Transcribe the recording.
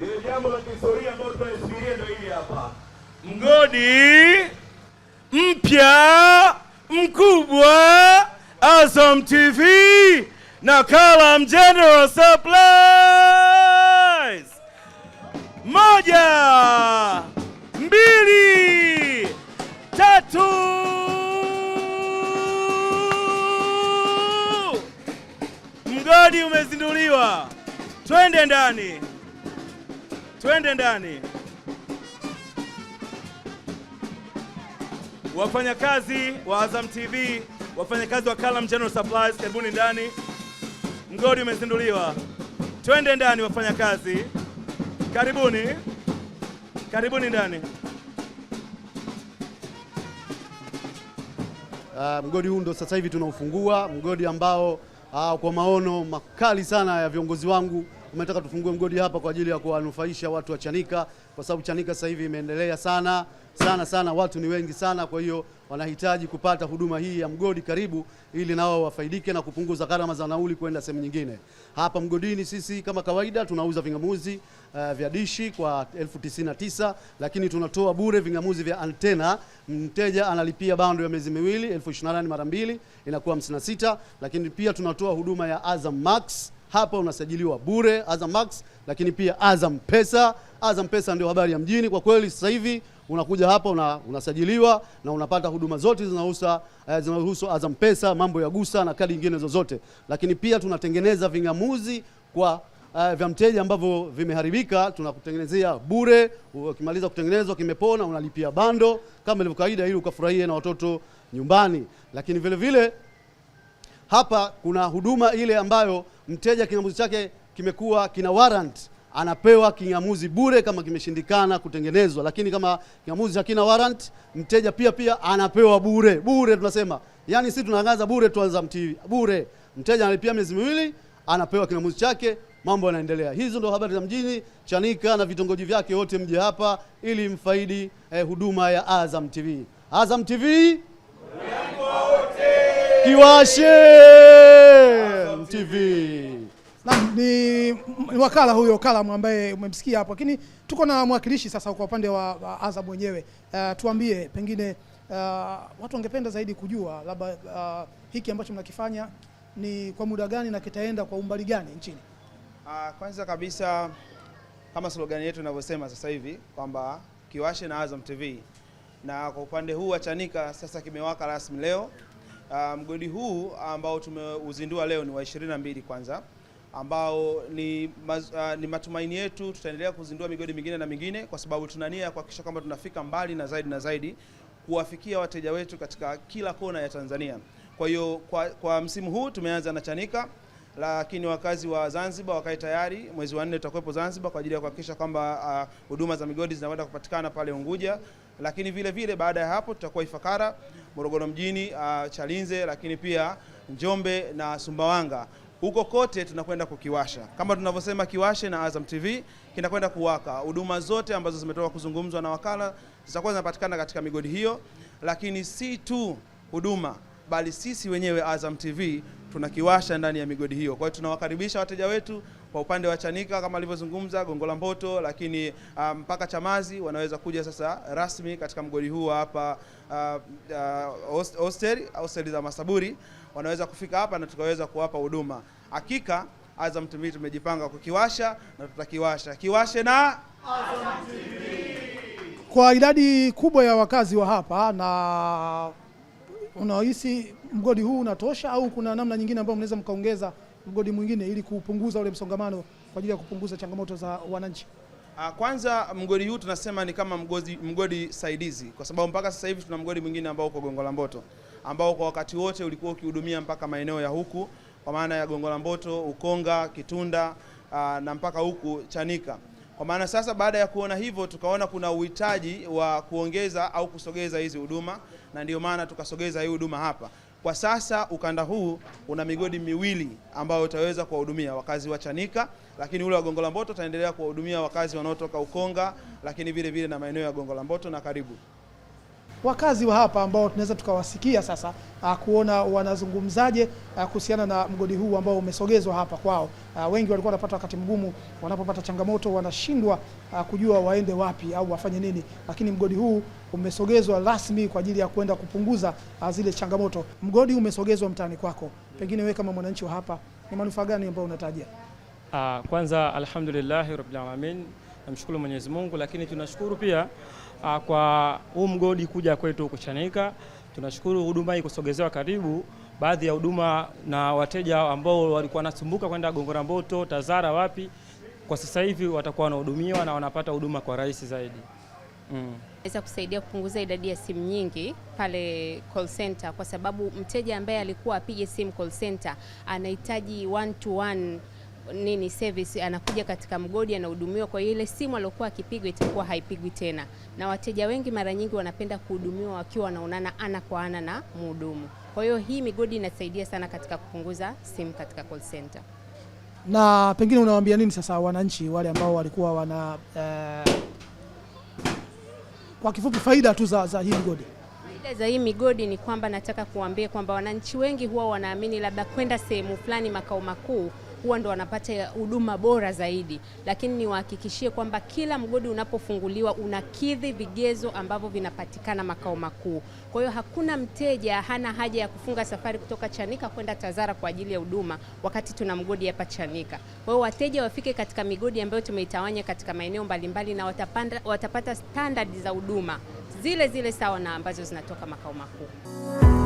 ndio jambo la kihistoria ambalo ndio hili hapa, mgodi mpya mkubwa. Azam TV Nakalam General Supplies. Moja, mbili, tatu. Mgodi umezinduliwa, twende ndani twende ndani. Wafanyakazi wa Azam TV, wafanyakazi wa Kalam General Supplies, karibuni ndani. Mgodi umezinduliwa, twende ndani wafanyakazi, karibuni, karibuni ndani. Uh, mgodi huu ndo sasa hivi tunaufungua, mgodi ambao uh, kwa maono makali sana ya viongozi wangu umetaka tufungue mgodi hapa kwa ajili ya kuwanufaisha watu wa Chanika, kwa sababu Chanika sasa hivi imeendelea sana sana sana, watu ni wengi sana, kwa hiyo wanahitaji kupata huduma hii ya mgodi karibu, ili nao wafaidike na kupunguza gharama za nauli kwenda sehemu nyingine. Hapa mgodini sisi kama kawaida tunauza vingamuzi uh, vya dishi kwa elfu tisini na tisa lakini tunatoa bure vingamuzi vya antena. Mteja analipia bando ya miezi miwili elfu ishirini na nane mara mbili inakuwa 56, lakini pia tunatoa huduma ya Azam Max hapa unasajiliwa bure Azam Max, lakini pia Azam Pesa. Azam Pesa ndio habari ya mjini kwa kweli sasa hivi. Unakuja hapa una, unasajiliwa na unapata huduma zote zinahusa eh, zinahusu Azam Pesa, mambo ya gusa na kadi nyingine zozote, lakini pia tunatengeneza ving'amuzi kwa Uh, vya mteja ambavyo vimeharibika tunakutengenezea bure. Ukimaliza kutengenezwa kimepona, unalipia bando kama ilivyo kawaida, ili ukafurahie na watoto nyumbani, lakini vile vile hapa kuna huduma ile ambayo mteja king'amuzi chake kimekuwa kina warrant anapewa king'amuzi bure kama kimeshindikana kutengenezwa, lakini kama king'amuzi hakina warrant, mteja pia pia anapewa bure bure. Tunasema yani sisi tunaangaza bure, tuanza mti bure. Mteja analipia miezi miwili, anapewa king'amuzi chake, mambo yanaendelea. Hizo ndo habari za mjini Chanika na vitongoji vyake, wote mje hapa ili mfaidi eh, huduma ya Azam TV. Azam TV Kiwashe TV. Na, ni wakala huyo Kalamu ambaye umemsikia hapo, lakini tuko na mwakilishi sasa kwa upande wa Azam wenyewe. Uh, eh, tuambie pengine uh, watu wangependa zaidi kujua labda uh, hiki ambacho mnakifanya ni kwa muda gani na kitaenda kwa umbali gani nchini? Uh, kwanza kabisa kama slogan yetu inavyosema sasa hivi kwamba kiwashe na Azam TV, na kwa upande huu wa Chanika sasa kimewaka rasmi leo Ah, mgodi huu ambao tumeuzindua leo ni wa 22 kwanza ambao ni, maz, uh, ni matumaini yetu tutaendelea kuzindua migodi mingine na mingine, kwa sababu tuna nia ya kuhakikisha kwamba tunafika mbali na zaidi na zaidi kuwafikia wateja wetu katika kila kona ya Tanzania. Kwa hiyo kwa, kwa msimu huu tumeanza na Chanika, lakini wakazi wa Zanzibar wakae tayari, mwezi wa nne tutakuwepo Zanzibar kwa ajili ya kuhakikisha kwamba ah, huduma uh, za migodi zinakwenda kupatikana pale Unguja lakini vile vile baada ya hapo tutakuwa Ifakara, Morogoro mjini, uh, Chalinze, lakini pia Njombe na Sumbawanga. Huko kote tunakwenda kukiwasha kama tunavyosema kiwashe na Azam TV kinakwenda kuwaka. Huduma zote ambazo zimetoka kuzungumzwa na wakala zitakuwa zinapatikana katika migodi hiyo, lakini si tu huduma, bali sisi wenyewe Azam TV tunakiwasha ndani ya migodi hiyo. Kwa hiyo tunawakaribisha wateja wetu kwa upande wa Chanika kama alivyozungumza Gongo la Mboto, lakini ah, mpaka um, Chamazi wanaweza kuja sasa rasmi katika mgodi huu hapa ah, ah, hostel uh, uh, hostel za Masaburi wanaweza kufika hapa na tukaweza kuwapa huduma. Hakika Azam TV tumejipanga kukiwasha na tutakiwasha. Kiwashe na Azam Kwa idadi kubwa ya wakazi wa hapa na unahisi mgodi huu unatosha au kuna namna nyingine ambayo mnaweza mkaongeza mgodi mwingine ili kupunguza ule msongamano kwa ajili ya kupunguza changamoto za wananchi? Ah, kwanza mgodi huu tunasema ni kama mgodi, mgodi saidizi kwa sababu mpaka sasa hivi tuna mgodi mwingine ambao uko Gongo la Mboto ambao kwa wakati wote ulikuwa ukihudumia mpaka maeneo ya huku kwa maana ya Gongo la Mboto, Ukonga, Kitunda ah, na mpaka huku Chanika. Kwa maana sasa baada ya kuona hivyo tukaona kuna uhitaji wa kuongeza au kusogeza hizi huduma na ndio maana tukasogeza hii huduma hapa. Kwa sasa ukanda huu una migodi miwili ambayo utaweza kuwahudumia wakazi wa Chanika, lakini ule wa Gongo la Mboto utaendelea kuwahudumia wakazi wanaotoka Ukonga, lakini vile vile na maeneo ya Gongo la Mboto na karibu wakazi wa hapa ambao tunaweza tukawasikia sasa a, ah, kuona wanazungumzaje ah, kuhusiana na mgodi huu ambao umesogezwa hapa kwao. A, ah, wengi walikuwa wanapata wakati mgumu, wanapopata changamoto wanashindwa kujua waende wapi au wafanye nini, lakini mgodi huu umesogezwa rasmi kwa ajili ya kwenda kupunguza a, zile changamoto. Mgodi umesogezwa mtaani kwako, pengine wewe kama mwananchi wa hapa, ni manufaa gani ambayo unatarajia? Kwanza alhamdulillahi rabbil alamin Namshukuru Mwenyezi Mungu, lakini tunashukuru pia a, ah, kwa huu mgodi kuja kwetu huku Chanika. Tunashukuru huduma hii kusogezewa karibu baadhi ya huduma na wateja ambao walikuwa wanasumbuka kwenda Gongora Mboto, Tazara, wapi, kwa sasa hivi watakuwa wanahudumiwa na wanapata huduma kwa rahisi zaidi. Naweza mm, kusaidia kupunguza idadi ya simu nyingi pale call center, kwa sababu mteja ambaye alikuwa apige simu call center anahitaji one to one nini service anakuja katika mgodi anahudumiwa, kwa hiyo ile simu aliyokuwa akipigwa itakuwa haipigwi tena, na wateja wengi mara nyingi wanapenda kuhudumiwa wakiwa wanaonana ana kwa ana na mhudumu. Kwa hiyo hii migodi inasaidia sana katika kupunguza simu katika call center. Na pengine unawaambia nini sasa wananchi wale ambao walikuwa wana eh, kwa kifupi faida tu za, za hii migodi? za hii migodi ni kwamba nataka kuambia kwamba wananchi wengi huwa wanaamini labda kwenda sehemu fulani makao makuu huwa ndo wanapata huduma bora zaidi, lakini niwahakikishie kwamba kila mgodi unapofunguliwa unakidhi vigezo ambavyo vinapatikana makao makuu. Kwa hiyo hakuna mteja hana haja ya kufunga safari kutoka Chanika kwenda Tazara kwa ajili ya huduma, wakati tuna mgodi hapa Chanika. Kwa hiyo wateja wafike katika migodi ambayo tumeitawanya katika maeneo mbalimbali, na watapanda, watapata standard za huduma zile zile sawa na ambazo zinatoka makao makuu.